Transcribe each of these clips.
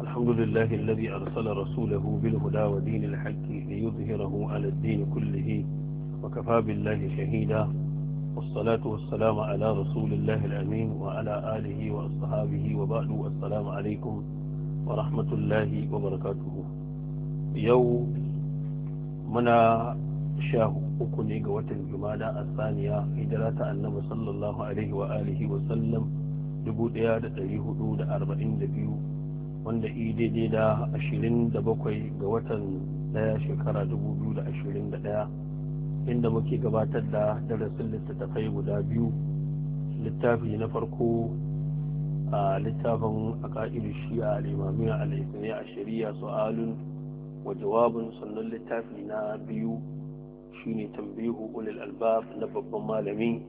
الحمد لله الذي أرسل رسوله بالهدى ودين الحق ليظهره على الدين كله وكفى بالله شهيدا والصلاة والسلام على رسول الله الأمين وعلى آله وأصحابه وبعد السلام عليكم ورحمة الله وبركاته يوم منا شاه أكني قوة الجمالة الثانية هجرة النبي صلى الله عليه وآله وسلم دبود يا دقيه أربعين دبيو wanda i daidai da 27 ga watan daya shekara 2021 inda muke gabatar da darasin littattafai guda biyu littafi na farko a littafin a ƙa'idu shi'a al'imamiya al'isani a shari'a su'alun wa jawabin sannan littafi na biyu shine tambihu ulil albab na babban malami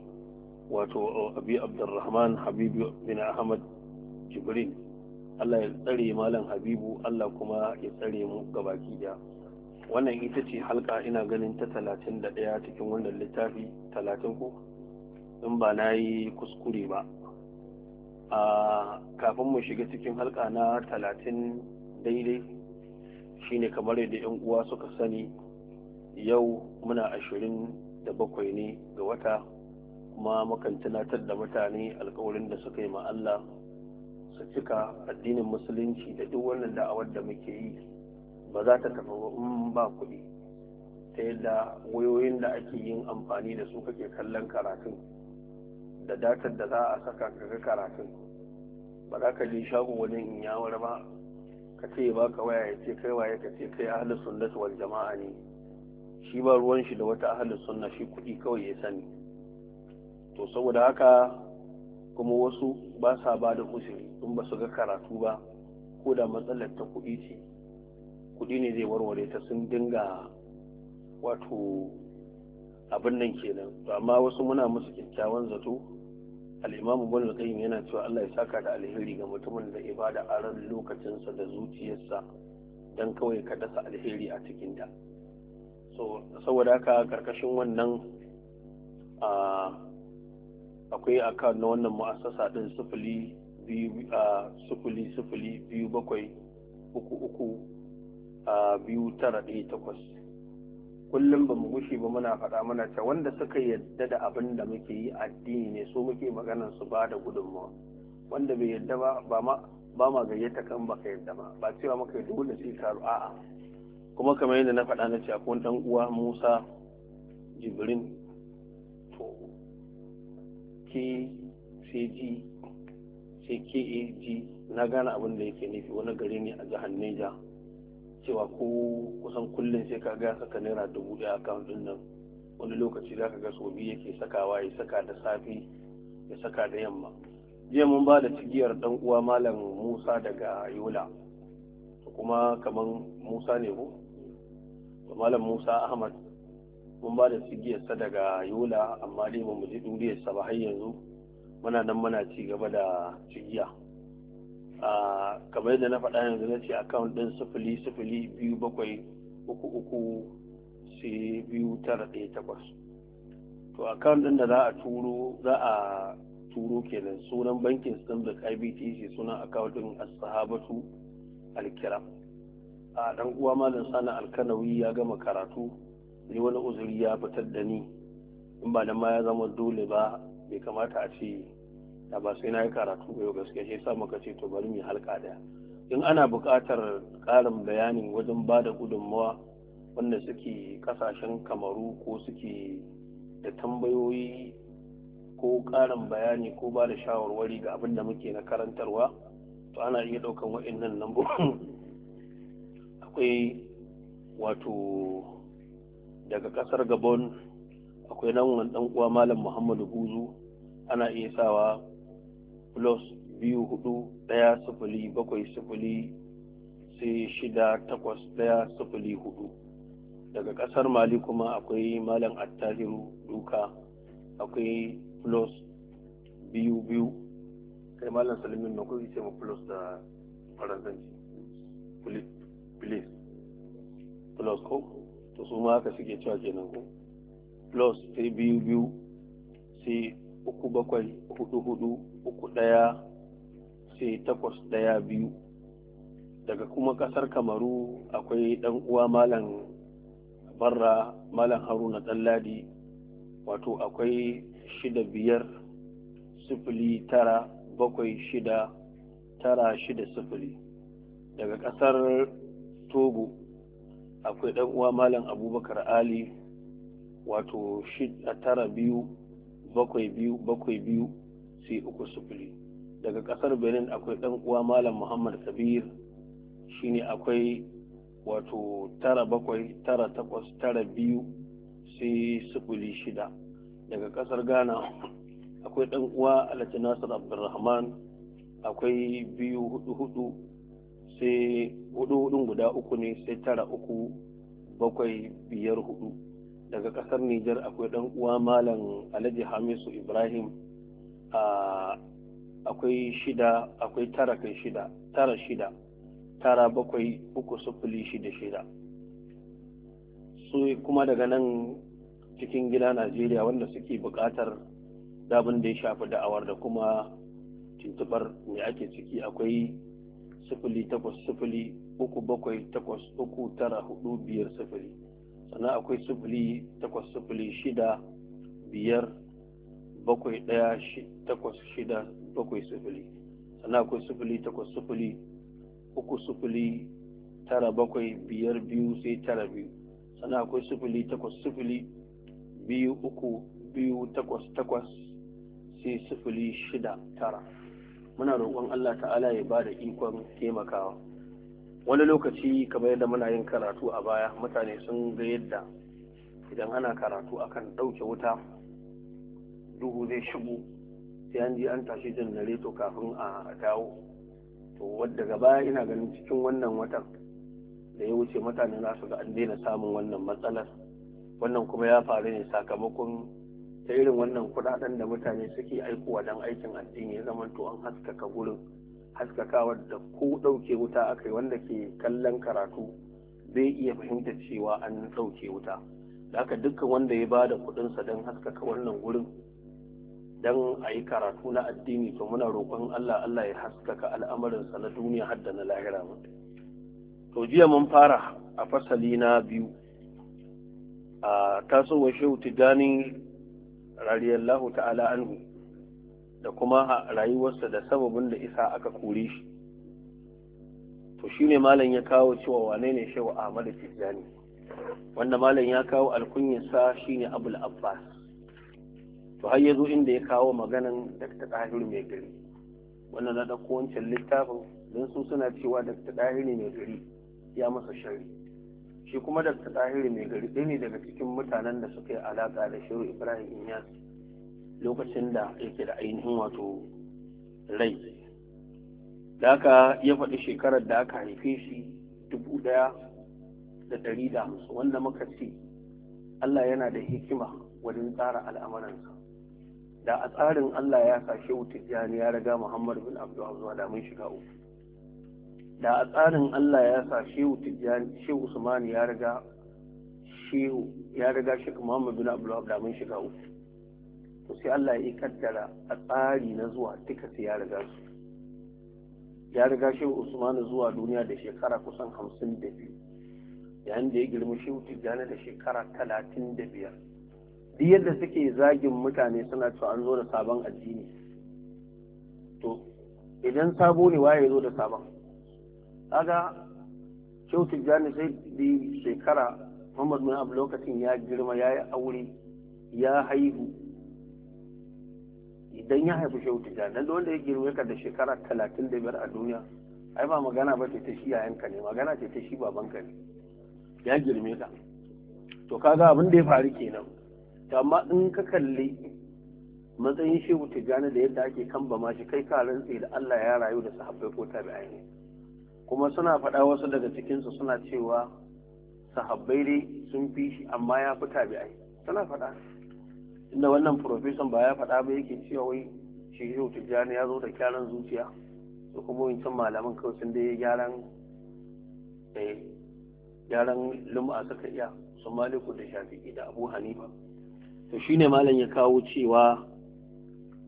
wato abi abdurrahman habibu bin ahmad jibrin Allah ya tsare malam habibu Allah kuma ya tsare mu gabaki daya wannan ita ce halka ina ganin ta talatin da ɗaya cikin wannan littafi talatin ko in ba na yi kuskure ba a kafin mu shiga cikin halka na talatin daidai shine kamar yadda 'yan uwa suka sani yau muna ashirin da bakwai ne ga wata kuma mukan tunatar da mutane alkawarin da suka yi ma Allah su cika addinin musulunci da duk wannan da'awar da muke yi ba za ta tafi in ba kuɗi ta yadda wayoyin da ake yin amfani da su kake kallon karatun da datar da za a saka kaga karatun ba za ka je shago wani in yawar ba ka ce ba ka waya ya ce kai waye ka ce kai ahli sunnati wal jama'a ne shi ba ruwan shi da wata ahli sunna shi kuɗi kawai ya sani to saboda haka kuma wasu ba sa ba da uzuri in ba su ga karatu ba ko da matsalar ta kuɗi ce kuɗi ne zai warware ta sun dinga wato abin nan kenan to amma wasu muna musu kyakkyawan zato al'imamu da kayan yana cewa Allah ya saka da alheri ga mutumin da ibada a ran lokacinsa da zuciyarsa don kawai ka dasa alheri a cikin da saboda haka karkashin wannan a ah, akwai akan na wannan mu'assasa ɗin sufuli biyu a sufuli sufuli biyu bakwai uku uku a biyu tara ɗaya takwas kullum ba mu gushe ba muna faɗa mana cewa wanda suka yadda da abin da muke yi addini ne so muke maganar su ba da gudunmawa wanda bai yadda ba ba ma ba ma gayyata kan baka yadda ba ba cewa maka yadda dole sai ka a'a kuma kamar yadda na faɗa na ce akwai ɗan uwa Musa Jibrin to kcg na gane abin da yake nufi wani gari ne a jihar neja cewa ko kusan kullum sai ka ga saka naira dubu ɗaya a din nan wani lokaci za ka ga sau biyu yake sakawa ya saka da safe ya saka da yamma jiya mun ba da cigiyar dan uwa malam musa daga yola kuma kamar musa ne ko malam musa ahmad mun ba da sigiyarsa daga yola amma dai ba mu ji duriyarsa ba har yanzu muna nan muna ci gaba da cigiya kamar yadda na faɗa yanzu na ce akawun ɗin sifili sifili biyu bakwai uku uku sai biyu tara ɗaya takwas to akawun ɗin da za a turo za a turo kenan sunan bankin stanbic ibtc sunan akawun ɗin asahabatu alkiram a ɗan uwa malam sana alkanawi ya gama karatu ni wani uzuri ya fitar da ni in ba da ma ya zama dole ba bai kamata a ce da ba sai na yi karatu ba yau gaskiya shi yasa muka ce to bari mu halka da in ana buƙatar ƙarin bayanin wajen ba da gudunmawa wanda suke ƙasashen kamaru ko suke da tambayoyi ko ƙarin bayani ko ba da shawarwari ga abin da muke na karantarwa to ana iya ɗaukan waɗannan lambobin akwai wato daga kasar gabon akwai nan wani dan uwa malam muhammadu buzu ana iya sawa plus biyu hudu daya sifili bakwai sifili sai shida takwas daya sifili hudu daga kasar mali kuma akwai malam attahiru duka akwai plus biyu biyu kai malam salimin na kuka ce ma plus da faransanci plus ko to su ma haka suke cewa kenan ko plus sai biyu biyu sai uku bakwai hudu hudu uku daya sai takwas daya biyu daga kuma kasar kamaru akwai dan uwa malam barra malam haruna ɗanladi wato akwai shida biyar sifili tara bakwai shida tara shida sifili daga kasar togo akwai ɗan uwa malam abubakar ali wato a tara biyu bakwai biyu bakwai biyu sai uku sufuri daga ƙasar benin akwai ɗan uwa malam muhammad kabir shine akwai wato tara bakwai tara takwas tara biyu sai sufuri shida daga ƙasar ghana akwai ɗan uwa alhaji nasir abdulrahman akwai biyu hudu hudu sai hudu hudun guda uku ne sai tara uku bakwai biyar hudu daga kasar Nijar akwai dan uwa malam Alhaji Hamisu Ibrahim a akwai shida akwai tara kai shida tara shida tara bakwai uku sufuli shida shida su kuma daga nan cikin gida Najeriya wanda suke bukatar dabin da ya shafi da'awar da kuma tuntubar me ake ciki akwai sifili takwas sifili uku bakwai takwas uku tara hudu biyar sifili sannan akwai sifili takwas sifili shida biyar bakwai ɗaya takwas shida bakwai sifili sannan akwai sifili takwas sifili uku sifili tara bakwai biyar biyu sai tara biyu sannan akwai sifili takwas sifili biyu uku biyu takwas takwas sai sifili shida tara muna roƙon Allah ta'ala ya ba da ikon taimakawa wani lokaci kamar yadda muna yin karatu a baya mutane sun ga yadda idan ana karatu akan ɗauke wuta duhu zai shigo sai an ji an tashi jin janareto kafin a dawo to wadda gaba ina ganin cikin wannan watan da ya wuce mutane za su ga an daina samun wannan matsalar wannan kuma ya faru ne sakamakon ta irin wannan kudaden da mutane suke aikowa don aikin addini ya zama to an haskaka gurin haskakawa da ko ɗauke wuta akai wanda ke kallon karatu zai iya fahimta cewa an ɗauke wuta da haka dukkan wanda ya ba da kuɗinsa don haskaka wannan gurin don a yi karatu na addini to muna roƙon Allah Allah ya haskaka al'amarinsa na duniya har da na lahira to jiya mun fara a fasali na biyu a tasowar shehu tijjani radiyallahu ta'ala anhu da kuma rayuwarsa da sababin da isa aka kore shi to shine malam ya kawo cewa wane ne shehu Ahmadu Tijani wanda malam ya kawo sa shine Abul Abbas to har yazo inda ya kawo maganan Dr. Tahir mai gari wannan na dauko wancan littafin don su suna cewa Dr. Tahir mai gari ya masa shari shi kuma da tahiri mai gari ɗaya ne daga cikin mutanen da suka yi alaƙa da shehu ibrahim iyas lokacin da yake da ainihin wato rai da aka ya faɗi shekarar da aka haife shi dubu ɗaya da ɗari da hamsin wanda muka ce allah yana da hikima wajen tsara al'amuransa da a tsarin allah ya sa shehu tijjani ya riga muhammad bin abdullahi zuwa da shiga uku da a tsarin Allah ya sa shehu tijjani shehu usman ya riga shehu ya riga shi muhammad bin abdul da mun shiga uku to sai Allah ya kaddara a tsari na zuwa duka sai ya riga su ya riga shehu usman zuwa duniya da shekara kusan hamsin da biyu yayin da ya girma shehu tijjani da shekara talatin da biyar duk yadda suke zagin mutane suna cewa an zo da sabon addini to idan sabo ne waye zo da sabon kaga shehu tijjani sai bi shekara muhammad bin abu lokacin ya girma ya yi aure ya haihu idan ya haifi shehu tijjani don wanda ya girma ka da shekara talatin da biyar a duniya ai ba magana ba ce ta shi yayanka ne magana ce ta shi babanka ne ya girme ka to kaga abin da ya faru kenan to amma in ka kalli matsayin shehu tijjani da yadda ake kamba ma shi kai ka rantse da Allah ya rayu da sahabbai ko tabi'ai ne kuma suna faɗa wasu daga cikinsu suna cewa sahabbai dai sun fi shi amma ya fi tabi ai suna faɗa inda wannan profesan ba ya faɗa ba yake cewa wai shi yau tijjani ya zo da gyaran zuciya da kuma wancan malaman kawai sun dai gyaran eh, gyaran lum'a suka iya su maliku da shafi'i da abu hanifa to ne malam ya kawo cewa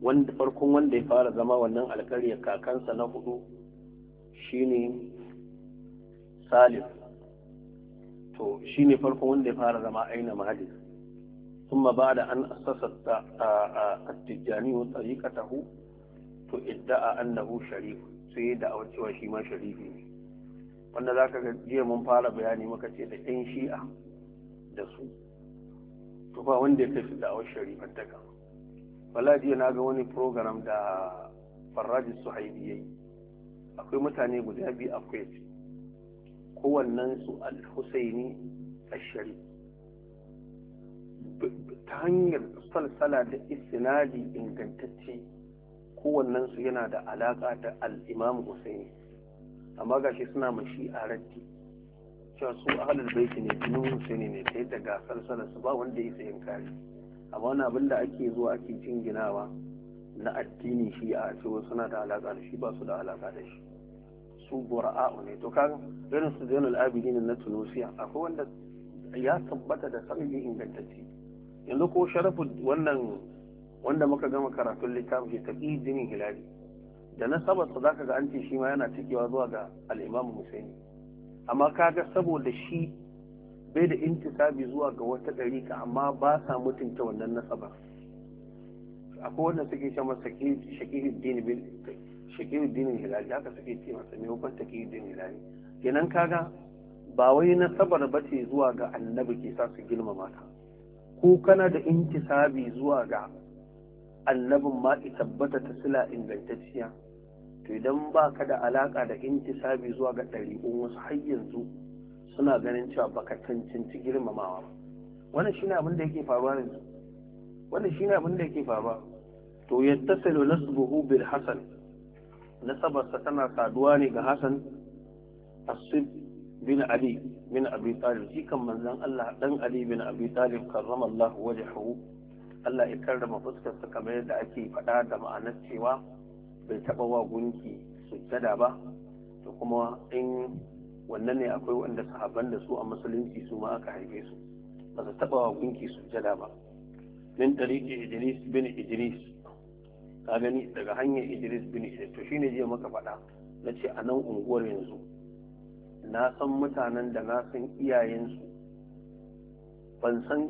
wanda farkon wanda ya fara zama wannan alƙaryar kakansa na hudu shine salim to shi ne farko wanda ya fara zama aina mahadis a بعد أن أسس التجاني طريقته to idda idda'a annahu sharif sai da a wacewa shi ma sharifi ne wanda za ga jiya mun fara bayani muka ce da ɗan shi'a da su to ba wanda ya kai su da'awar sharifan ta kan wala jiya na ga wani program da farajin suhaibi yayi akwai mutane guda biyu a kwesi kowannen su al-husaini ashari ta hanyar salsala da istinadi ingantacce kowannen su yana da alaka da al-imam husaini amma gashi suna mashi a raddi cewa su ahalul baiti ne jinin husaini ne ta yadda ga salsala su ba wanda ya sayan kare amma wani abin da ake zuwa ake ginawa na addini shi a cewa suna da alaka da shi ba su da alaka da shi su bura'a'u ne to kan irin su zainul abidin na tunusiya akwai wanda ya tabbata da sarari ingantacce yanzu ko sharafu wannan wanda muka gama karatun littafin shi taqi jinin hilali da na saba za zaka ga an ce shi ma yana cikewa zuwa ga al'imamu husaini amma kaga saboda shi bai da intisabi zuwa ga wata ɗarika amma ba sa mutunta wannan nasabar akwai wanda suke shan masa shakihin dini shaƙi dinin hilali haka suke ce masa mai hukun taƙi dinin hilali kenan kaga ba wai nasabar ba ce zuwa ga annabi ke sa su girma ka ko kana da intisabi zuwa ga annabin ma ki tabbata ta sila ingantacciya to idan ba ka da alaƙa da intisabi zuwa ga ɗari'un wasu har yanzu suna ganin cewa baka cancanci girmamawa ba wannan shine abin da yake faruwa yanzu wannan shine abin da yake faruwa to yattasilu nasbuhu bil hasan nasabarsa tana saduwa ne ga Hassan Asib bin Ali bin Abi Talib shi kan manzon Allah dan Ali bin Abi Talib karrama Allah wajhahu Allah ya karrama fuskarsa kamar yadda ake faɗa da ma'anar cewa bai taɓa wa gunki sujjada ba da kuma in wannan ne akwai wanda sahabban da su a musulunci su ma aka haife su ba su taɓa wa gunki sujjada ba min tariki Idris bin Idris ka gani daga hanyar idris bin idris to shine je maka faɗa na ce a nan unguwar yanzu na san mutanen da na san iyayensu ban san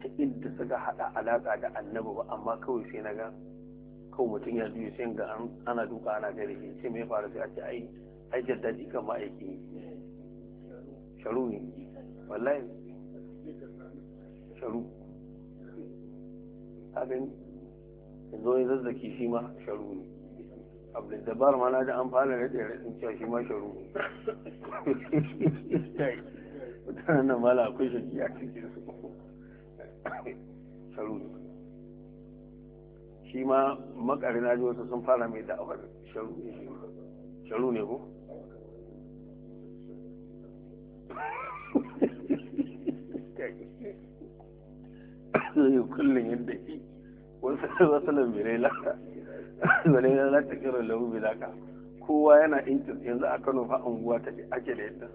ta inda suka haɗa alaƙa da annabi ba amma kawai sai na ga kawai mutum ya juye sai ga ana duka ana gare shi sai mai faru sai a ce ai ai jaddaji kan ma'aiki sharu ne wallahi sharu ka yanzu wani zazzaki shi ma sharu ne abu da ma na da an fara rade rasin cewa shi ma sharu ne mutanen nan mala akwai shaki a cikin su sharu ne shi ma makari na ji wasu sun fara mai da'awar sharu ne shi ma sharu ne ko kullum yadda shi wasu lambirai laka zalila za ta kira lahu bilaka kowa yana intin yanzu a kano fa unguwa ta ake da yadda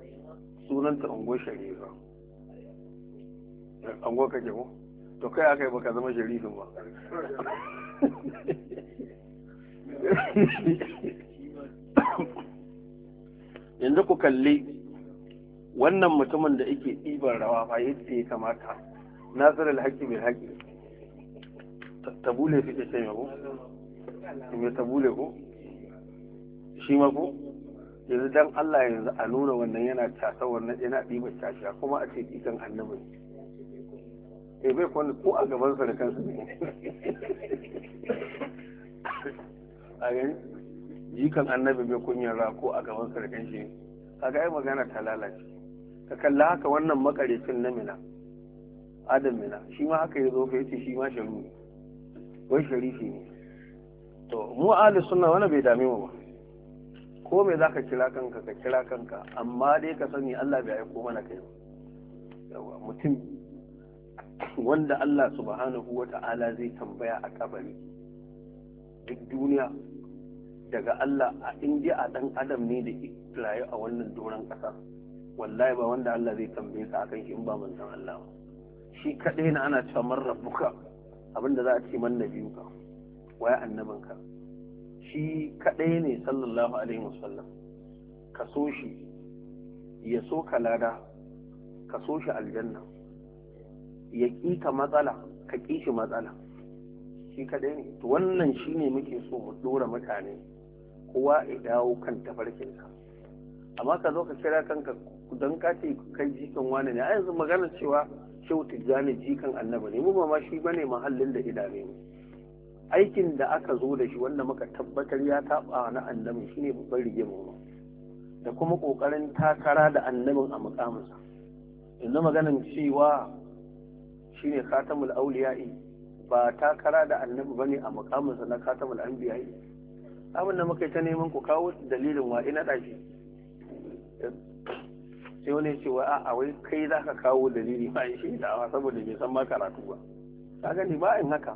sunanta unguwar sharifa unguwar kake ko to kai aka yi baka zama sharifin ba yanzu ku kalli wannan mutumin da yake ɗiban rawa ba yadda ya kamata nasarar alhaki bil haƙi tabule fi ce mai ko mai tabule ko shi ma ko yanzu dan Allah yanzu a nuna wannan yana casa wannan yana ɗiba casha kuma a ce dikan annabi eh bai kwallo ko a gaban sa da kansa ne a gani jikan annabi bai kunyar ra ko a gaban sa da kanshi kaga ai magana ta lalace ka kalla haka wannan makarecin na mina adam mina shi ma haka ya zo yace shi ma sharu ne wai sharifi ne to mu ahli sunna wani bai dami mu ba ko me zaka kira kanka ka kira kanka amma dai ka sani Allah bai aiko mana kai yawa mutum wanda Allah subhanahu wata'ala zai tambaya a kabari duk duniya daga Allah a inda a dan adam ne da rayu a wannan doron ƙasa wallahi ba wanda Allah zai tambaye a akan shi in ba manzon Allah shi kadai na ana cewa man rabbuka Abin da za a ce man nabiyuka waye ka? shi kaɗai ne sallallahu alaihi wasallam ka so shi ya so ka lada ka so shi aljanna ya ƙi ka matsala ka ƙi shi matsala shi kaɗai ne to wannan shi ne muke so mu ɗora mutane kowa ya dawo kan tafarkinsa amma ka zo ka kira kanka don ka ce kai jikin wani ne a yanzu magana cewa shehu tijjani jikan annaba ne mu ba ma shi bane mahallin da idane mu aikin da aka zo da shi wanda muka tabbatar ya taɓa na annabin shine babban rigima da kuma ƙoƙarin takara da annabin a mukaminsa yanzu maganin cewa shine khatamul auliya'i ba takara da annabi bane a mukaminsa na khatamul anbiya'i abin da muka yi ta neman ku kawo dalilin wa ina ɗaki sai wani ce wa a wai kai za ka kawo dalili ba in shi da saboda bai san ma karatu ba ka gani ba in haka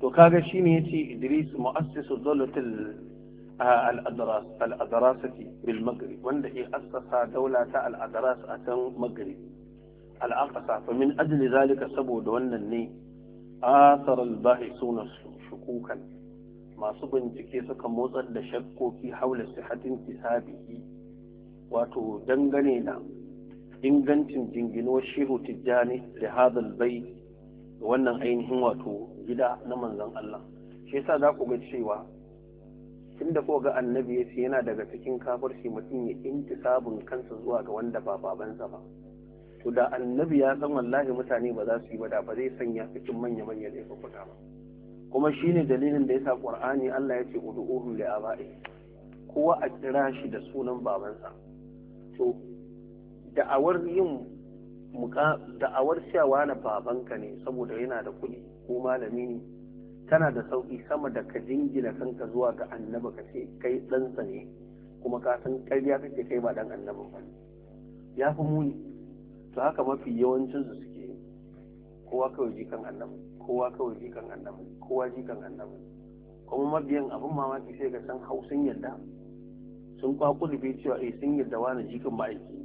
to kaga shine yace Idris mu'asisu dawlatul al-adrasati bil maghrib wanda ya assasa daula ta al-adras a can maghrib al-aqsa fa min ajli zalika saboda wannan ne athar al-bahisuna shukukan masu bincike suka motsar da shakkoki haula sihatin kitabihi wato dangane da ingancin jingino shehu tijjani da hadal bai wannan ainihin wato gida na manzon Allah shi yasa za ku ga cewa tun da ga annabi ya ce yana daga cikin shi mutum ya sabon kansa zuwa ga wanda ba babansa ba to da annabi ya san wallahi mutane ba za su yi ba da ba zai sanya cikin manya manya da ya ba kuma shine dalilin da yasa qur'ani Allah ya ce ud'uhum li aba'i kowa a kira shi da sunan babansa to da'awar yin muka da'awar shawa na babanka ne saboda yana da kuɗi ko malami ne tana da sauƙi sama da ka jingina kanka zuwa ga annaba ka ce kai ɗansa ne kuma ka san ƙarya kake kai ba ɗan annabin ba ya fi muni to haka mafi yawancinsu suke kowa kawai jikan annaba kowa kawai jikan annaba kowa jikan annaba kuma mabiyan abin mamaki sai ka san hausin yadda sun kwakulube cewa eh sun da wani jikin ma'aiki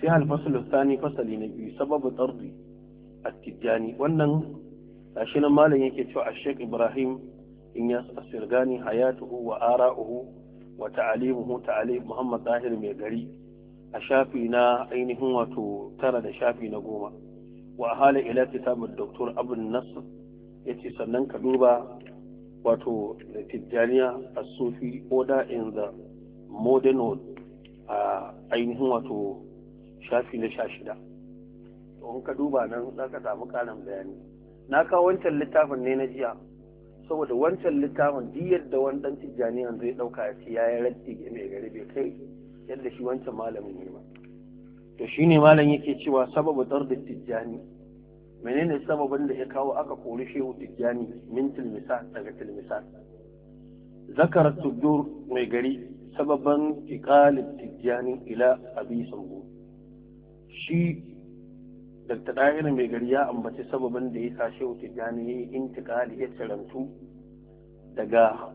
sai alfasul sani fasali na biyu sababu tsardi a tijjani wannan gashi malam yake cewa a sheik ibrahim in ya asirgani hayatuhu wa ara'uhu wa ta'alimuhu ta'alim muhammad zahir mai gari a shafi na ainihin wato tara da shafi na goma wa hala ila kitabul doktor abun nasr yace sannan ka duba wato da tijjaniya a sufi order in the modern world a ainihin wato shafi na sha shida in ka duba nan za ka samu karin bayani na kawo wancan littafin ne na jiya saboda wancan littafin duk yadda wani dan tijjaniya zai ɗauka ya ce yayi raddi ga mai gari bai kai yadda shi wancan malamin ne ba to ne malam yake cewa sababu da tijjani menene sababin da ya kawo aka kori shehu tijjani min tilmisa daga tilmisa zakar tudur mai gari sababan tikalin tijjani ila abi sambo shi dr ɗayar mai gari ya ambaci sababin da ya sa shehu tijjani ya yi intikali ya tarantu daga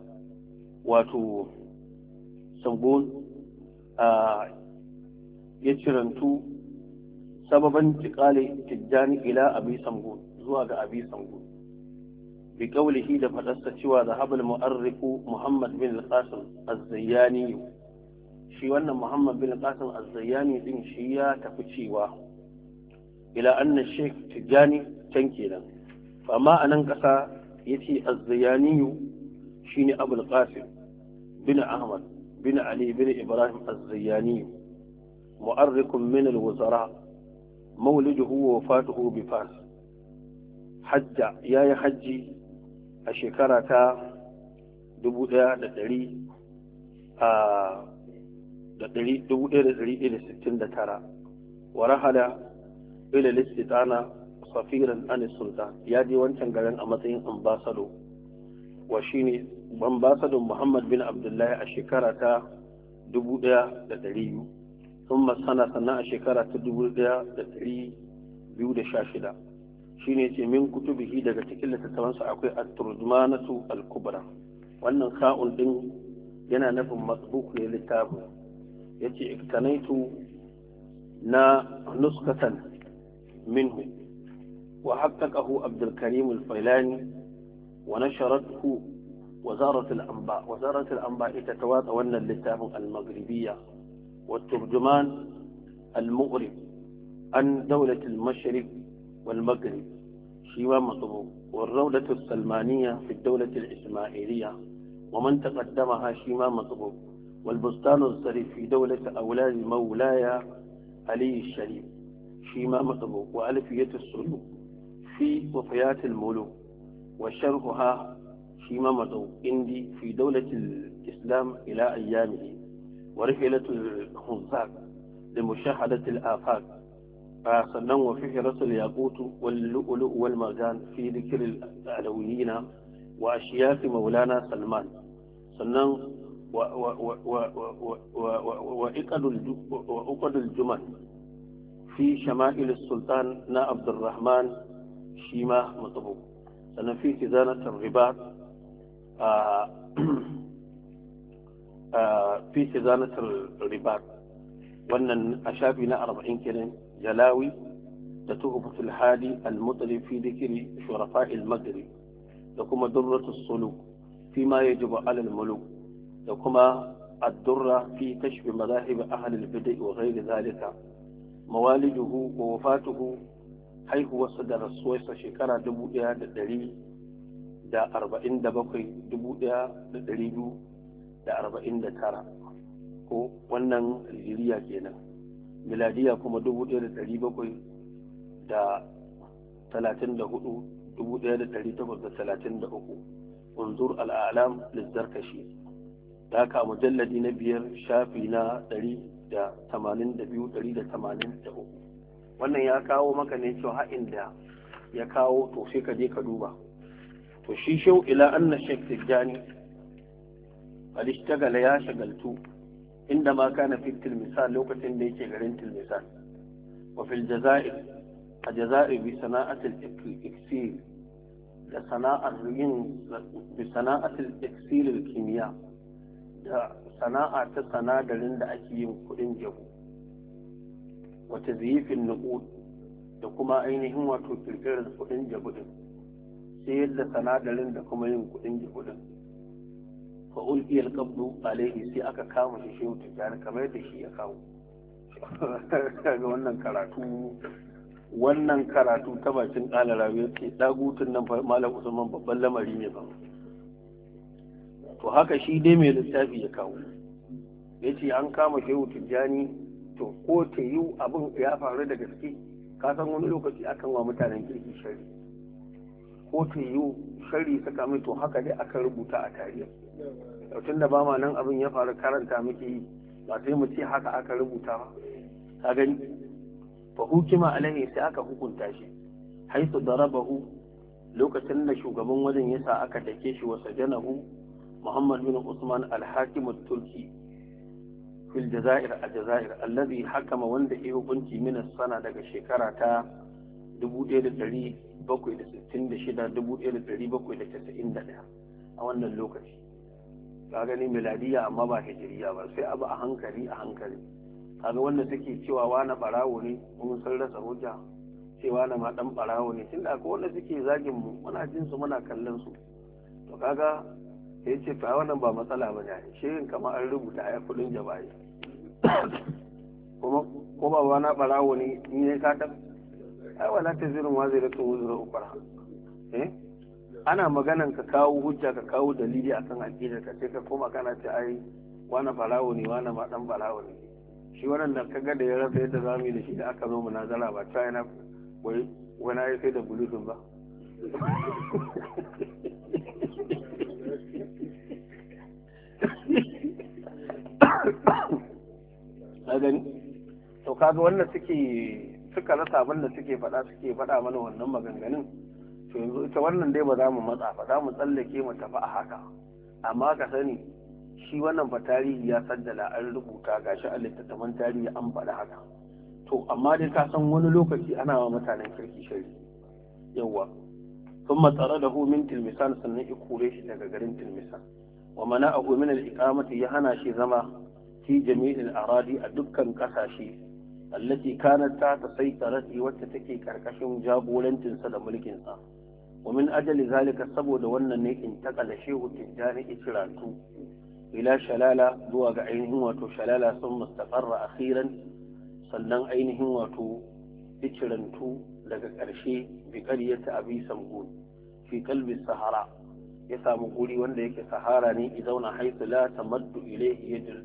wato sambo ya tarantu. sababan tiƙali tijjani ila abi samgo zuwa ga abi samgo bi kaulihi da faɗarsa cewa da zahabal mu'arriku muhammad bin al-qasim az-zayyani shi wannan muhammad bin al-qasim az-zayyani din shi ya tafi cewa ila anna sheikh tijjani can kenan amma a nan ƙasa yace az-zayyani shine abul qasim bin ahmad bin ali bin ibrahim azzayaniyu. zayyani mu'arrikun min al-wuzara maulijuhu wa fatuhu bi fas hajja ya yi hajji a shekara ta dubu ɗaya da ɗari a da ɗari dubu ɗaya da ɗari ɗaya da sittin da tara wa rahala ila listitana safiran an sultan ya je wancan garin a matsayin ambasado wa shine ambasadon muhammad bin abdullahi a shekara ta dubu ɗaya da ɗari biyu sun masana sannan a shekara ta dubu da ɗari biyu da sha shida shi ne ce min kutubihi daga cikin littattafansa akwai at-turjumanatu al-kubra wannan sa'un din yana nufin masbuk ne littafin yace iktanaitu na nuskatan minhu wa haqqaqahu abdul karim al-failani wa nasharathu وزارة الأنباء وزارة الأنباء تتواطى وأن اللتاف المغربية والترجمان المغرب عن دولة المشرق والمغرب شيما مطبوع والرولة السلمانية في الدولة الإسماعيلية ومن تقدمها شيما مطبوع والبستان الزريف في دولة أولاد مولاي علي الشريف شيما مطبوع وألفية السلوك في وفيات الملوك وشرحها شيما مطبوع إندي في دولة الإسلام إلى أيامه ورحلة الخزاق لمشاهدة الآفاق فسنن وفكرة الياقوت واللؤلؤ والمرجان في ذكر العلويين وأشياخ مولانا سلمان سنن وأقد الجمل في شمائل السلطان نا عبد الرحمن شيما مطبوع سنن في خزانة الرباط آه fi ce zanatar ribar wannan a shafi na arba'in kenan jalawi da tuhumatul hali al-mutali fi dikiri shurafa'il magri da kuma durratul sulu fi ma alal mulu da kuma addurra fi kashfi mazahib ahlil bid'a wa ghairi zalika mawalijuhu wa wafatuhu haihuwarsa da rasuwarsa shekara dubu ɗaya da ɗari da arba'in da bakwai dubu ɗaya da ɗari biyu da arba'in da tara ko wannan hijiriya kenan miladiya kuma dubu ɗaya da ɗari bakwai da talatin da hudu dubu ɗaya da ɗari takwas da talatin da uku unzur al'alam lizzarkashi ta haka mujalladi na biyar shafi na ɗari da tamanin da biyu ɗari da tamanin da uku wannan ya kawo maka ne cewa ha'in da ya kawo to sai ka je ka duba to shi shau ila anna shek tijjani qad ishtagala ya shagaltu inda ma kana fi tilmisan lokacin da yake garin tilmisan wa fil jazair a jazair bi sana'atil iksir da sana'ar yin bi sana'atil iksir kimiyya da sana'a ta sanadarin da ake yin kudin jabu wa tazyifin nuqud da kuma ainihin wato kirkirar kudin jabu din sai yadda sanadarin da kuma yin kudin jabu din fa ulqiyal a alayhi sai aka kama shi shehu tijjani kamar yadda shi ya kawo ga wannan karatu wannan karatu ta bakin ƙalarabe ce ɗagutun nan malam usman babban lamari ne ba to haka shi dai mai littafi ya kawo ya ce an kama shehu tijjani to ko ta yi abin ya faru da gaske ka san wani lokaci akan wa mutanen kirki shari ko ta yi sharri saka mai to haka dai aka rubuta a tarihi tun da ba ma nan abin ya faru karanta muke yi ba sai mu ce haka aka rubuta ba ka gani fa hukima alaihi sai aka hukunta shi haisu darabahu lokacin da shugaban wajen yasa aka dake shi wa sajanahu muhammad bin usman al-hakim turki fil jazair a jazair allazi hakama wanda ya hukunci min sana daga shekara ta 1100 1766 a wannan lokaci ga gani miladiya amma ba hijiriya ba sai abu a hankali a hankali kaga wanda take cewa wani barawo ne mun san rasa hujja cewa na ma dan barawo ne tunda akwai wanda suke zagin mu muna jin su muna kallon su to kaga sai ce fa wannan ba matsala ba ne shirin kamar an rubuta a kudin jaba'i kuma ko ba wani barawo ne in ya ka ai wala ta zirin wa zai rika wuzura ukura eh ana maganan ka kawo hujja ka kawo dalili akan aqidar ka sai ka koma kana ce ai wani balawo ne wani ma dan falawo ne shi wannan da kaga da ya rasa yadda zamu yi da shi da aka zo munazara ba ta yana wai wani ya kai da bulutun ba ka gani to kaga wannan suke suka rasa abin da suke faɗa suke faɗa mana wannan maganganun to yanzu ita wannan dai ba za mu matsa ba za mu tsallake mu tafi a haka amma ka sani shi wannan fa tarihi ya da an rubuta gashi a littattafan tarihi an faɗa haka to amma dai ka san wani lokaci ana wa mutanen kirki shari yawwa sun matsara da min tilmisan sannan ya kore shi daga garin tilmisan wa mana a min al ya hana shi zama fi jami'in aradi a dukkan ƙasashe allati kanat ta ta saitarati wacce take karkashin jagorancinsa da mulkinsa wa ajali zalika saboda wannan ne in takala shehu tijjani ikiratu ila shalala zuwa ga ainihin wato shalala sun mustaqarra akhiran sannan ainihin wato icirantu daga ƙarshe bi ƙaryata abi samgun fi kalbi sahara ya samu guri wanda yake sahara ne izauna haisu la tamaddu ilayhi yadul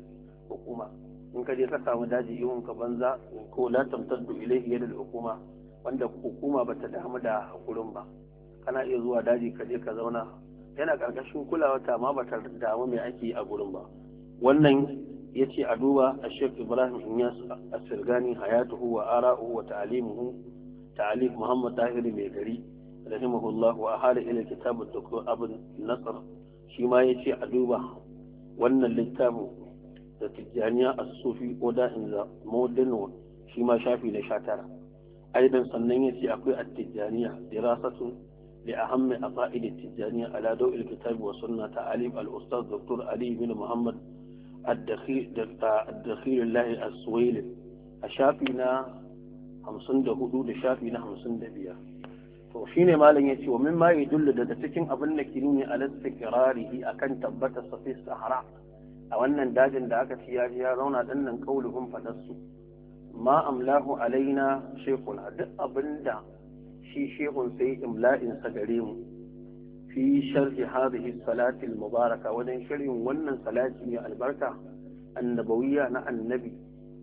hukuma in ka je ka samu daji yiwon ka banza ko la tamtaddu ilayhi da hukuma wanda hukuma bata damu da hakurin ba kana iya zuwa daji ka je ka zauna yana karkashin kulawa ta ma bata damu mai ake a gurin ba wannan yace a duba a Sheikh Ibrahim Inyas Asirgani hayatuhu wa ara'uhu wa ta'alif Muhammad Tahir mai gari rahimahullah wa ahala ila kitab Dr. Abu Nasr shi ma yace a duba wannan littafin da tijjaniya a sufi oda in the modern one shi ma shafi na sha tara aidan sannan ya ce akwai a tijjaniya dirasatun li ahammi a fa'idin tijjaniya ala dawil kitabi wa sunna ta alif al-ustaz dr ali bin muhammad الدخيل الله السويل الشافي همسن ده هدو ده همسن ده بيا to shine malam yace wa mimma yadullu daga cikin abin da ke nuni ala istiqrarihi akan tabbata safi a wannan dajin da aka ci ya ji ya zauna ɗin nan ƙauluhun faɗarsu ma amlahu alaina shekuna duk abin da shi shehun sai imla'insa gare mu fi sharhi hadhihi salati mubaraka wajen shirin wannan salati mai albarka annabawiya na annabi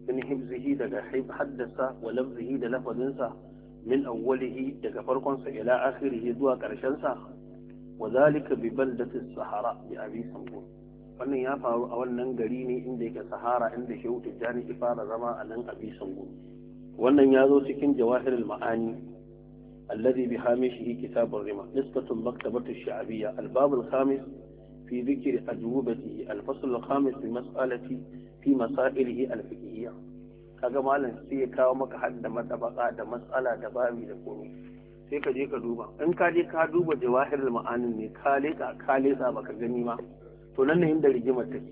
min hibzihi daga haddasa wa lafzihi da lafazinsa من أوله تكفرقنس إلى آخره دوا كرشنسا وذلك sahara الصحراء بأبي سمبون wannan ya faru a wannan gari ne inda yake sahara inda shehu tijjani ki fara zama a nan abisan gu wannan ya zo cikin jawahirul ma'ani alladhi bi hamishihi kitabur rima nisbatun maktabatu sha'biyya al-bab khamis fi dhikri ajwubatihi al-fasl al-khamis bi mas'alati fi masailihi al-fiqhiyya kaga malam sai ya kawo maka hadda matabaka da mas'ala da babi da komai sai ka je ka duba in ka je ka duba jawahirul ma'anin ne ka leka ka lesa baka gani ma to nan ne inda rigimar take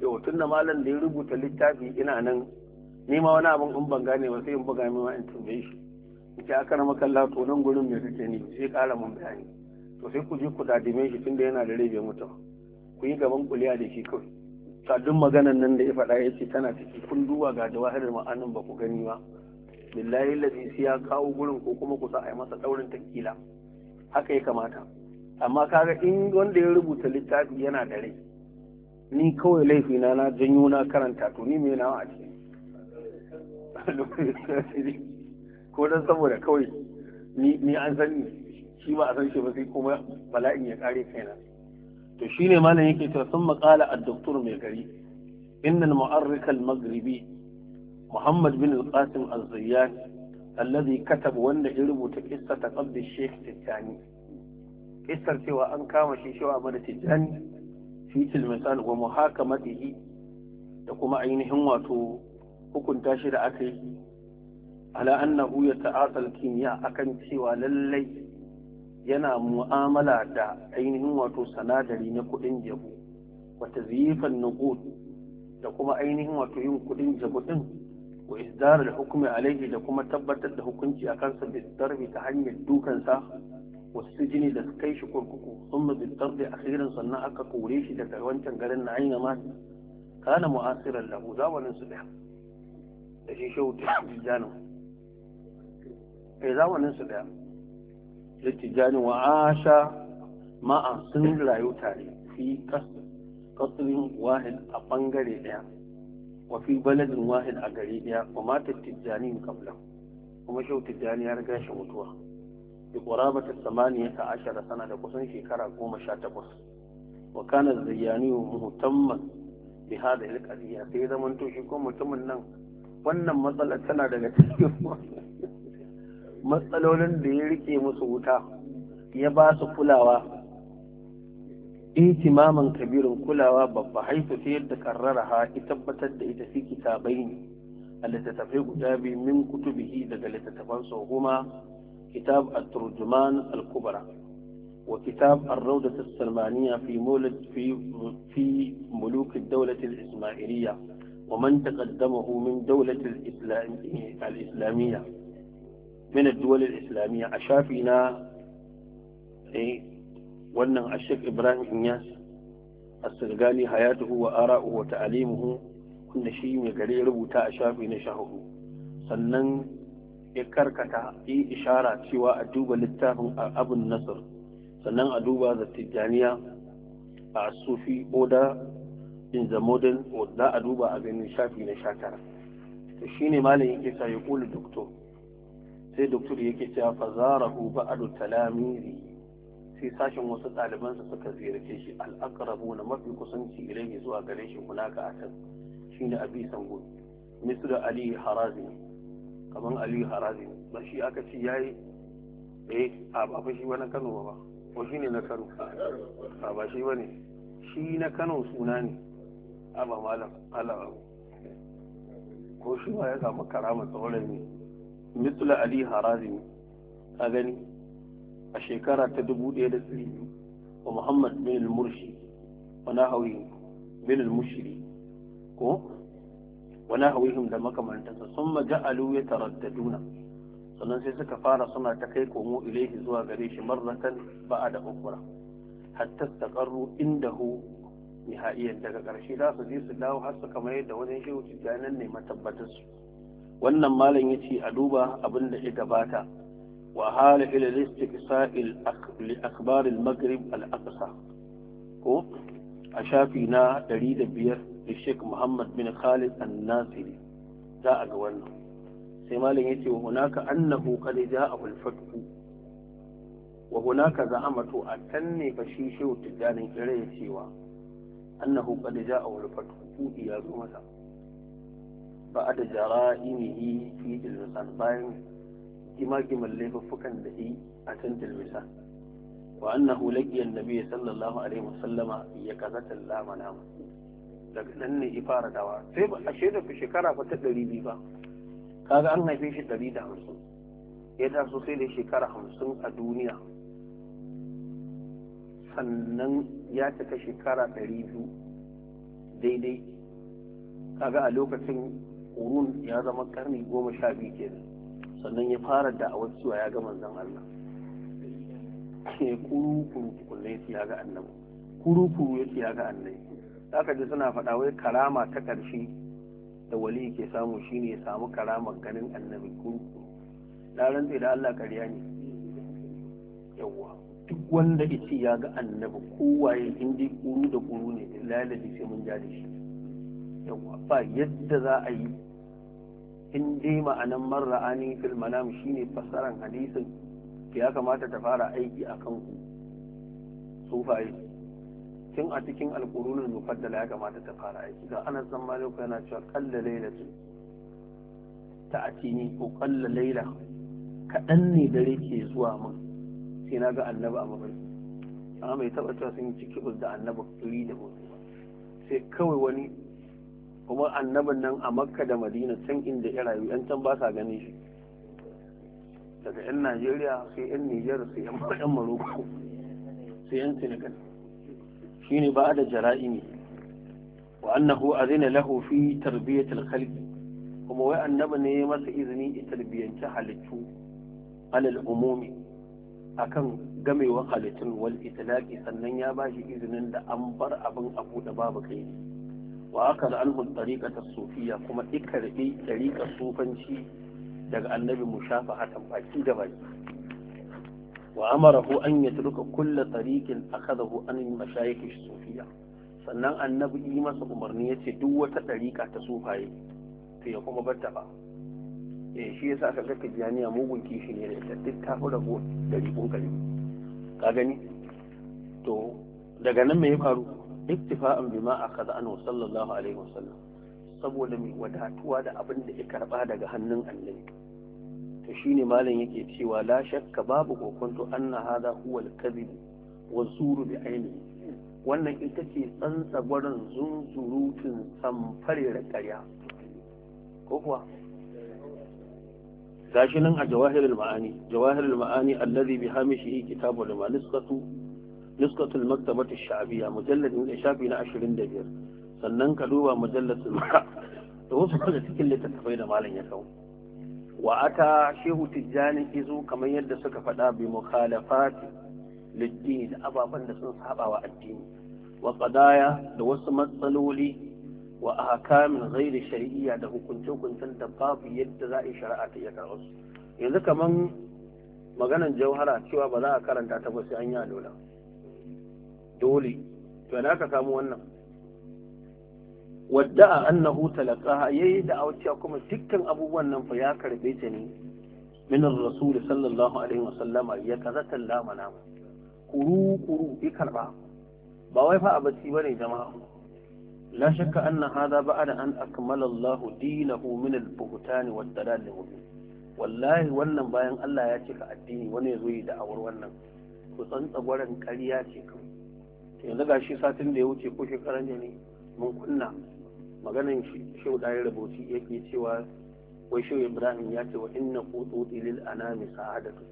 yau tun da malam da ya rubuta littafi ina nan ni ma wani abin in ban gane ba sai in buga mai ma in tambaye shi in ce aka rama kalla to nan gurin me kake ni sai kara mun bayani to sai ku je ku dadime shi tunda yana da rabe mutum ku yi gaban kuliya da shi kawai sadun maganan nan da ya faɗa ya ce tana ciki kun duba ga wahalar ma'anin ba ku gani ba billahi lazi ya kawo gurin ko kuma ku sa a yi masa daurin takila haka ya kamata amma kaga in wanda ya rubuta littafi yana da rai ni kawai laifi na na janyo na karanta to ni mai nawa a ce ko dan saboda kawai ni an ni shi ba a san shi ba sai kuma bala'in ya kare kaina to shine malam yake cewa sun maƙala ad-doktor mai gari inna al-mu'arrik al-maghribi Muhammad bin al-Qasim az-Zayyan alladhi kataba wanda ya rubuta qissata qabdi Sheikh Tijani kisar cewa an kama shi shi wa mana tijjani fi tilmisal wa muhakamatihi da kuma ainihin wato hukunta shi da aka yi ala annahu ya ta'atal kimiyya akan cewa lallai yana mu'amala da ainihin wato sanadari na kudin jabu wata zifan nuqud da kuma ainihin wato yin kudin jabu din wa isdar da hukumi alaihi da kuma tabbatar da hukunci a kansa bi ta hanyar dukansa wasu jini da su kai shi kurkuku sun ma biltar da akhirin sannan aka kore shi daga wancan garin na ainihin ma kana mu'asirar lahu zamanin su daya da shi shehu tijjani kai eh, zamanin su daya da tijjani wa asha ma'a sun rayu tare fi kasirin wahid a bangare daya wa fi baladin wahid a gari daya kuma ta tijjani kabla kuma shehu tijjani ya riga shi mutuwa bi qurabati samaniyata ashara sana da kusan shekara goma sha takwas wa kana zayyani muhtamman bi hada alqadiya sai zaman to ko mutumin nan wannan matsala tana daga cikin matsalolin da ya rike musu wuta ya ba su kulawa ihtimaman kabirin kulawa babba haifu ta yadda karrara ha ki tabbatar da ita fi kitabai ne a littattafai guda biyu min kutubihi daga littattafan kuma كتاب الترجمان الكبرى وكتاب الروضة السلمانية في مولد في في ملوك الدولة الإسماعيلية ومن تقدمه من دولة الإسلام الإسلامية من الدول الإسلامية أشافينا wannan إيه، الشيخ إبراهيم إنياس asirgali حياته wa وتعليمه wa شيء من shi mai gare شهره سنن ya karkata yi ishara cewa a duba littafin abin nasar sannan a duba da tijjaniya a sufi oda in the modern za a duba a ganin shafi na sha tara to ne malam yake sa ya kula doktor sai doktor yake cewa fa zarahu ba'du talamiri sai sashen wasu ɗalibansa suka ziyarce shi al'aqrabu na mafi kusanci ilaihi zuwa gare shi ka a can shine abi sango misra ali harazi kamar aliyu harazi ba shi aka ci yayi eh a ba shi wani kano ba ko shi ne na kano a ba shi bane shi na kano suna ne a ba malam alawa ko shi ma ya samu karama tsoron ne mitula ali harazi a gani a shekara ta dubu ɗaya da tsiri wa muhammad bin al-murshi wa nahawi bin al mushiri ko wani hawihim da makamantansa sun maja'alu ya taraddaduna sannan sai suka fara suna ta kai komo ilaihi zuwa gare shi marratan ba'a da ukura hatta taqarru hu nihaiyan daga ƙarshe za su je su dawo har su kamar da wajen shehu tijjanin ne matabbatar su wannan malam ya ce a duba abin da ya gabata wa hala ila istiqsa'il li akbar maghrib al aqsa ko a shafi na biyar. da sheik muhammad bin khalid an-nasiri za a ga wannan sai malam yace wa hunaka annahu qad ja'a al-fathu wa hunaka za'amatu tan ne fa shi shehu tijanin kire ya cewa annahu qad ja'a al-fathu ya zo masa ba'ad jara'imihi fi dilmisan bayan gimagiman laifuffukan da yi a can dilmisan wa annahu laqiya an-nabiy sallallahu alaihi wasallama ya kazata lamana daga nan ne ya fara dawa sai ba a shaida fi shekara ba ta ɗari biyu ba kaga an haife shi ɗari da hamsin ya taso sai da shekara hamsin a duniya sannan ya cika shekara ɗari biyu daidai kaga a lokacin urun ya zama karni goma sha biyu kenan sannan ya fara da'awar cewa ya ga manzon Allah ke kuru kuru kullai ya ga annabi kuru kuru ya ga annabi zaka ji suna faɗa wai karama ta ƙarshe da wali ke samu shine ya samu karamar ganin annabi kurku na da Allah ƙarya ne yawwa duk wanda ita ya ga annabi kowaye in kuru da kuru ne lalabi sai mun ja da shi yawwa ba yadda za a yi in dai ma'anan marra'ani fil manam shine fassaran hadisin ya kamata ta fara aiki akan ku sufaye tun a cikin alƙurunin mufaddala ya kamata ta fara aiki ga ana san maliku yana cewa ta a ta'tini ko ƙalla laila kaɗan ne dare ke zuwa min sai na ga annabi a mafarki amma mai taɓa cewa sun yi ciki da annabi turi da mutu sai kawai wani kuma annabin nan a makka da madina can inda ya rayu yan can ba sa ganin shi daga yan najeriya sai yan nijar sai yan maroko sai yan senegal shine ba da jara'imi wa annahu azina lahu fi tarbiyatil khalqi kuma wai annabi ne ya masa izini ya tarbiyanci halittu alal umumi akan gamewar halittun wal itlaqi sannan ya ba shi izinin da an bar abin a buɗe babu kai wa'akar aka da anhu tariqatas sufiya kuma ikarbi tariqar sufanci daga annabi mushafa hatan baki da baki وأمره أن يترك كل طريق أخذه عن المشايخ الصوفية sannan annabi yi masa umarni ya ce duk wata ɗariƙa ta sufaye to ya kuma batta ba eh shi yasa aka ga tijjaniya mugun kishi ne da ita duk ta fi rabo ɗariƙun kare ka gani to daga nan me ya faru iktifa'an bima akaza anhu sallallahu alaihi wasallam saboda mai wadatuwa da abin da ya karba daga hannun annabi to shine malam yake cewa la shakka babu kokonto anna hadha huwa al-kadhib wa zuru bi ainihi wannan ita ce tsantsa gwarin zunzurutun samfare da ƙarya ko kuwa gashi nan a jawahirul ma'ani jawahirul ma'ani alladhi bi hamishi kitabu lima nisqatu nisqatu al-maktabati ash-sha'biyya mujallad min shafi na 25 sannan ka duba mujalladul ma'ani da wasu daga cikin littattafai da malam ya kawo wa ata shehu tijjani izo kamar yadda suka faɗa bi mukhalafati liddini da ababen da sun saba wa addini wa qadaya da wasu matsaloli wa ahkamin ghairi shar'iyya da hukunce hukuncen da babu yadda za a shari'a ta iya karɓar su yanzu kaman maganan jauhara cewa ba za a karanta ta ba sai an yi alola dole to da ka samu wannan wadda a annahu talaqaha yayi da awciya kuma dukkan abubuwan nan fa ya karbe ta ne min rasul sallallahu alaihi sallama ya kaza tallama na kuru kuru ya karba ba wai fa abaci bane jama'a la shakka anna hadha ba'da an akmala Allah dinahu min al-buhtan wa dalal wallahi wannan bayan Allah ya cika addini wani yazo yi da'awar wannan ku tsantsagwaren kariya ce kawai yanzu gashi satin da ya wuce ko shekaran ne mun kunna maganin da ya rubuci yake cewa wai shehu ibrahim ya ce wa inna qututi lil anami sa'adatu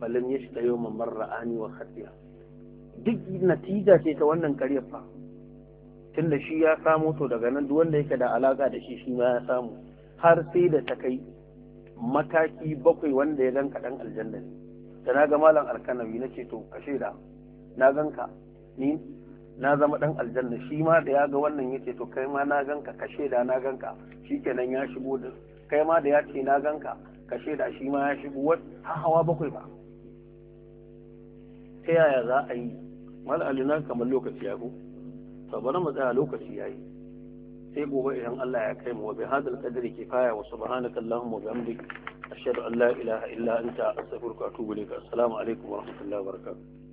falan yashta yau marra ani wa khatiya duk natija ce ta wannan karyar fa tunda shi ya samu to daga nan duk wanda yake da alaka da shi shi ma ya samu har sai da ta kai mataki bakwai wanda ya ganka dan aljanna ne da na ga malam alkanawi na ce to ka shaida na ganka ni na zama dan aljanna shi ma da ya ga wannan yace to kai ma na ganka kashe da na ganka shikenan ya shigo da kai ma da ya ce na ganka kashe da shi ma ya shigo wat hawa bakwai ba ta yaya za a yi mal alina kamar lokaci ya ko to bari mu tsaya lokaci yayi sai gobe idan Allah ya kai mu wa bi hadal qadri kifaya wa subhanaka allahumma wa bihamdik ashhadu an la ilaha illa anta astaghfiruka wa atubu ilaik assalamu alaikum wa rahmatullahi wa barakatuh